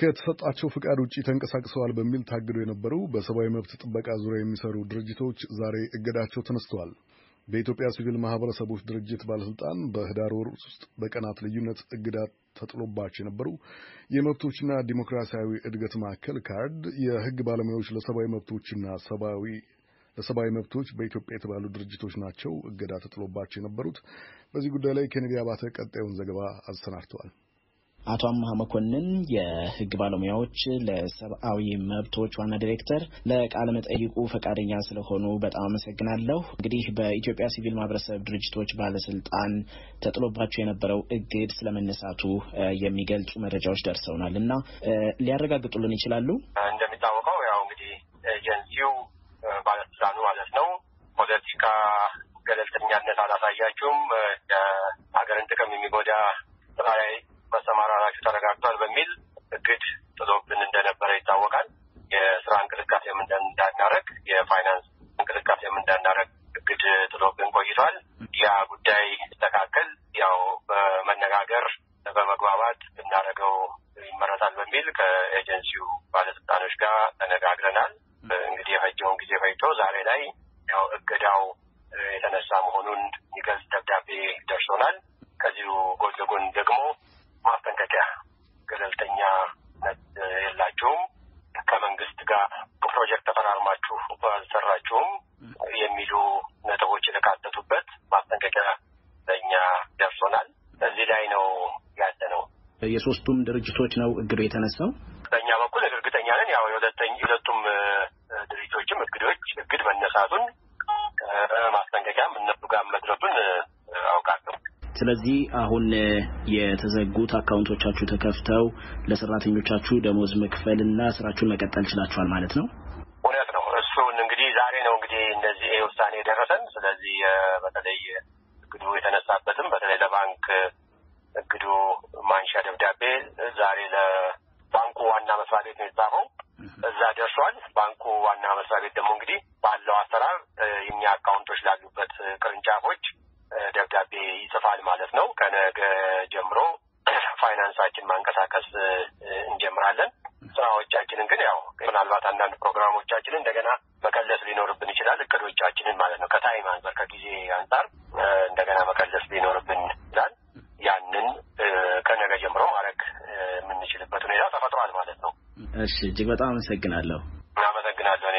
ከተሰጣቸው ፍቃድ ውጭ ተንቀሳቅሰዋል በሚል ታግደው የነበሩ በሰብአዊ መብት ጥበቃ ዙሪያ የሚሰሩ ድርጅቶች ዛሬ እገዳቸው ተነስተዋል። በኢትዮጵያ ሲቪል ማህበረሰቦች ድርጅት ባለስልጣን በህዳር ወር ውስጥ በቀናት ልዩነት እገዳ ተጥሎባቸው የነበሩ የመብቶችና ዲሞክራሲያዊ እድገት ማዕከል ካርድ የህግ ባለሙያዎች ለሰብአዊ መብቶችና ሰብአዊ ለሰብአዊ መብቶች በኢትዮጵያ የተባሉ ድርጅቶች ናቸው እገዳ ተጥሎባቸው የነበሩት። በዚህ ጉዳይ ላይ ኬኔዲ አባተ ቀጣዩን ዘገባ አሰናድተዋል። አቶ አምሃ መኮንን የህግ ባለሙያዎች ለሰብአዊ መብቶች ዋና ዲሬክተር ለቃለ መጠይቁ ፈቃደኛ ስለሆኑ በጣም አመሰግናለሁ። እንግዲህ በኢትዮጵያ ሲቪል ማህበረሰብ ድርጅቶች ባለስልጣን ተጥሎባቸው የነበረው እግድ ስለመነሳቱ የሚገልጹ መረጃዎች ደርሰውናል እና ሊያረጋግጡልን ይችላሉ? እንደሚታወቀው ያው እንግዲህ ኤጀንሲው ባለስልጣኑ ማለት ነው ፖለቲካ ገለልተኛነት አላሳያችሁም፣ የሀገርን ጥቅም የሚጎዳ ስራ ላይ ምንም እንዳናረግ የፋይናንስ እንቅስቃሴ እንዳናረግ እግድ ጥሎብን ቆይቷል። ያ ጉዳይ ሲስተካከል ያው በመነጋገር በመግባባት እናደረገው ይመረጣል በሚል ከኤጀንሲው ባለስልጣኖች ጋር ተነጋግረናል። እንግዲህ የፈጀውን ጊዜ ፈጅቶ ዛሬ ላይ ያው እገዳው የተነሳ መሆኑን የሚገልጽ ደብዳቤ ደርሶናል። አብራችሁ አልሰራችሁም የሚሉ ነጥቦች የተካተቱበት ማስጠንቀቂያ ለእኛ ደርሶናል። በዚህ ላይ ነው ያለ ነው። የሶስቱም ድርጅቶች ነው እግድ የተነሳው። በእኛ በኩል እርግጠኛ ነን። ያው ሁለቱም ድርጅቶችም እግዶች እግድ መነሳቱን ማስጠንቀቂያም እነሱ ጋር መድረሱን አውቃለሁ። ስለዚህ አሁን የተዘጉት አካውንቶቻችሁ ተከፍተው ለሰራተኞቻችሁ ደሞዝ መክፈል እና ስራችሁን መቀጠል ችላችኋል ማለት ነው። ውሳኔ የደረሰን። ስለዚህ በተለይ እግዱ የተነሳበትም በተለይ ለባንክ እግዱ ማንሻ ደብዳቤ ዛሬ ለባንኩ ዋና መስሪያ ቤት ነው የተጻፈው። እዛ ደርሷል። ባንኩ ዋና መስሪያ ቤት ደግሞ እንግዲህ ባለው አሰራር የኛ አካውንቶች ላሉበት ቅርንጫፎች ደብዳቤ ይጽፋል ማለት ነው። ከነገ ጀምሮ ፋይናንሳችን ማንቀሳቀስ እንጀምራለን። ስራዎቻችንን ግን ያው ምናልባት አንዳንድ ፕሮግራሞቻችን እንደገና መቀለስ ሊኖርብን ይችላል። እቅዶቻችንን ማለት ነው። ከታይም አንጻር ከጊዜ አንጻር እንደገና መቀለስ ሊኖርብን ይችላል። ያንን ከነገ ጀምሮ ማድረግ የምንችልበት ሁኔታ ተፈጥሯል ማለት ነው። እሺ፣ እጅግ በጣም አመሰግናለሁ። አመሰግናለሁ።